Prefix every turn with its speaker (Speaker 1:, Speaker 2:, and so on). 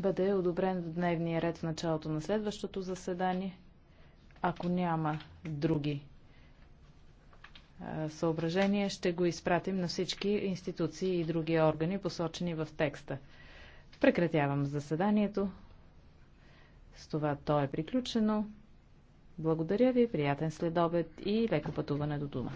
Speaker 1: бъде одобрен в дневния ред в началото на следващото заседание, ако няма други съображения, ще го изпратим на всички институции и други органи, посочени в текста. Прекратявам заседанието. С това то е приключено. Благодаря ви, приятен следобед и леко пътуване до дома.